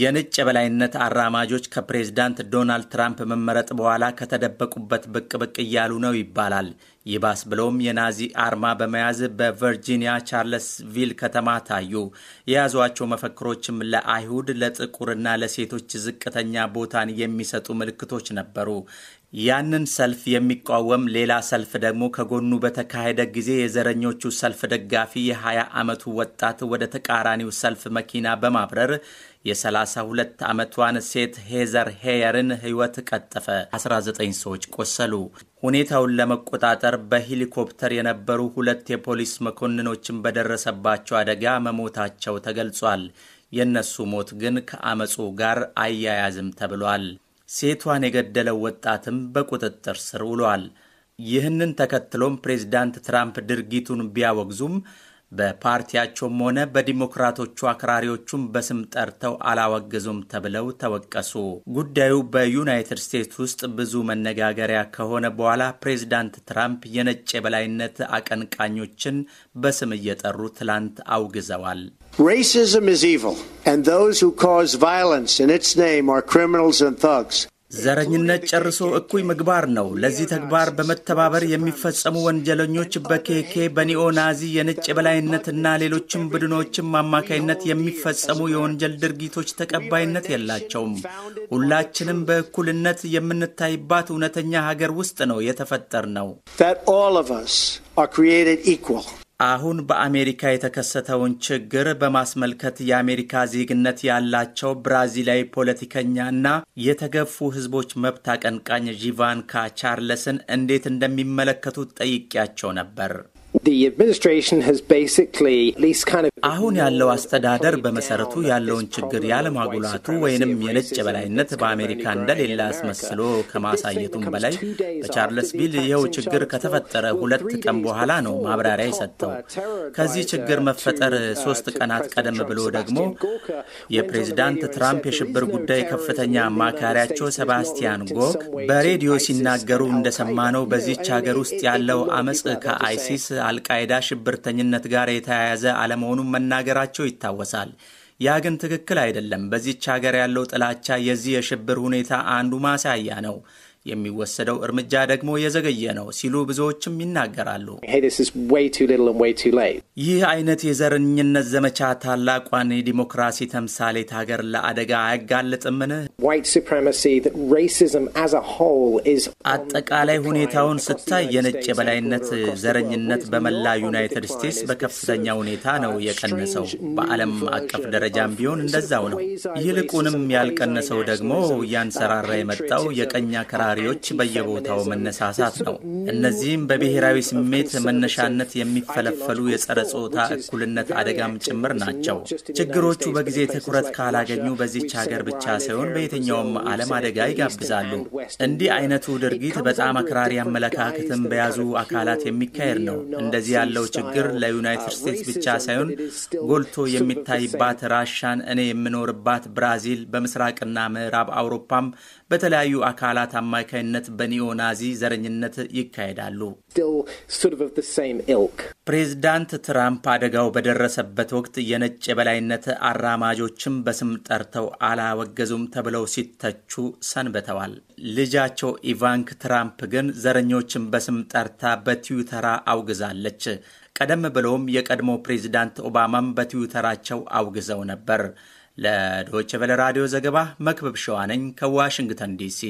የነጭ የበላይነት አራማጆች ከፕሬዝዳንት ዶናልድ ትራምፕ መመረጥ በኋላ ከተደበቁበት ብቅ ብቅ እያሉ ነው ይባላል። ይባስ ብሎም የናዚ አርማ በመያዝ በቨርጂኒያ ቻርለስቪል ከተማ ታዩ። የያዟቸው መፈክሮችም ለአይሁድ፣ ለጥቁርና ለሴቶች ዝቅተኛ ቦታን የሚሰጡ ምልክቶች ነበሩ። ያንን ሰልፍ የሚቃወም ሌላ ሰልፍ ደግሞ ከጎኑ በተካሄደ ጊዜ የዘረኞቹ ሰልፍ ደጋፊ የ20 ዓመቱ ወጣት ወደ ተቃራኒው ሰልፍ መኪና በማብረር የ32 ዓመቷን ሴት ሄዘር ሄየርን ሕይወት ቀጠፈ። 19 ሰዎች ቆሰሉ። ሁኔታውን ለመቆጣጠር ጋር በሄሊኮፕተር የነበሩ ሁለት የፖሊስ መኮንኖችን በደረሰባቸው አደጋ መሞታቸው ተገልጿል። የእነሱ ሞት ግን ከአመፁ ጋር አያያዝም ተብሏል። ሴቷን የገደለው ወጣትም በቁጥጥር ስር ውሏል። ይህንን ተከትሎም ፕሬዚዳንት ትራምፕ ድርጊቱን ቢያወግዙም በፓርቲያቸውም ሆነ በዲሞክራቶቹ አክራሪዎቹም በስም ጠርተው አላወገዙም ተብለው ተወቀሱ። ጉዳዩ በዩናይትድ ስቴትስ ውስጥ ብዙ መነጋገሪያ ከሆነ በኋላ ፕሬዚዳንት ትራምፕ የነጭ የበላይነት አቀንቃኞችን በስም እየጠሩ ትላንት አውግዘዋል። ሬሲዝም ኢዝ ኢቪል ኤንድ ዞዝ ሁ ኮዝ ቫዮለንስ ኢን ኢትስ ኔም አር ክሪሚናልስ ኤንድ ተግስ ዘረኝነት ጨርሶ እኩይ ምግባር ነው። ለዚህ ተግባር በመተባበር የሚፈጸሙ ወንጀለኞች በኬኬ በኒኦ ናዚ የነጭ የበላይነትና ሌሎችም ቡድኖችም አማካይነት የሚፈጸሙ የወንጀል ድርጊቶች ተቀባይነት የላቸውም። ሁላችንም በእኩልነት የምንታይባት እውነተኛ ሀገር ውስጥ ነው የተፈጠር ነው። አሁን በአሜሪካ የተከሰተውን ችግር በማስመልከት የአሜሪካ ዜግነት ያላቸው ብራዚላዊ ፖለቲከኛና የተገፉ ሕዝቦች መብት አቀንቃኝ ዥቫንካ ቻርለስን እንዴት እንደሚመለከቱት ጠይቄያቸው ነበር። አሁን ያለው አስተዳደር በመሰረቱ ያለውን ችግር ያለማጉላቱ ወይንም የነጭ የበላይነት በአሜሪካ እንደሌለ አስመስሎ ከማሳየቱም በላይ በቻርለስ ቢል ይኸው ችግር ከተፈጠረ ሁለት ቀን በኋላ ነው ማብራሪያ የሰጠው። ከዚህ ችግር መፈጠር ሶስት ቀናት ቀደም ብሎ ደግሞ የፕሬዚዳንት ትራምፕ የሽብር ጉዳይ ከፍተኛ አማካሪያቸው ሰባስቲያን ጎክ በሬዲዮ ሲናገሩ እንደሰማ ነው በዚች ሀገር ውስጥ ያለው አመፅ ከአይሲስ አልቃይዳ ሽብርተኝነት ጋር የተያያዘ አለመሆኑን መናገራቸው ይታወሳል። ያ ግን ትክክል አይደለም። በዚች ሀገር ያለው ጥላቻ የዚህ የሽብር ሁኔታ አንዱ ማሳያ ነው። የሚወሰደው እርምጃ ደግሞ የዘገየ ነው ሲሉ ብዙዎችም ይናገራሉ። ይህ አይነት የዘረኝነት ዘመቻ ታላቋን የዲሞክራሲ ተምሳሌት ሀገር ለአደጋ አያጋልጥምን? አጠቃላይ ሁኔታውን ስታይ የነጭ የበላይነት ዘረኝነት በመላ ዩናይትድ ስቴትስ በከፍተኛ ሁኔታ ነው የቀነሰው። በዓለም አቀፍ ደረጃም ቢሆን እንደዛው ነው። ይልቁንም ያልቀነሰው ደግሞ እያንሰራራ የመጣው የቀኝ አክራሪ ፈጣሪዎች በየቦታው መነሳሳት ነው። እነዚህም በብሔራዊ ስሜት መነሻነት የሚፈለፈሉ የጸረ ጾታ እኩልነት አደጋም ጭምር ናቸው። ችግሮቹ በጊዜ ትኩረት ካላገኙ በዚች ሀገር ብቻ ሳይሆን በየትኛውም ዓለም አደጋ ይጋብዛሉ። እንዲህ አይነቱ ድርጊት በጣም አክራሪ አመለካከትን በያዙ አካላት የሚካሄድ ነው። እንደዚህ ያለው ችግር ለዩናይትድ ስቴትስ ብቻ ሳይሆን ጎልቶ የሚታይባት ራሻን፣ እኔ የምኖርባት ብራዚል፣ በምስራቅና ምዕራብ አውሮፓም በተለያዩ አካላት አማካይነት በኒኦናዚ ዘረኝነት ይካሄዳሉ። ፕሬዚዳንት ትራምፕ አደጋው በደረሰበት ወቅት የነጭ የበላይነት አራማጆችም በስም ጠርተው አላወገዙም ተብለው ሲተቹ ሰንብተዋል። ልጃቸው ኢቫንክ ትራምፕ ግን ዘረኞችን በስም ጠርታ በትዊተራ አውግዛለች። ቀደም ብለውም የቀድሞ ፕሬዝዳንት ኦባማም በትዊተራቸው አውግዘው ነበር። ለዶይቸ ቬለ ራዲዮ ዘገባ መክበብ ሸዋነኝ ከዋሽንግተን ዲሲ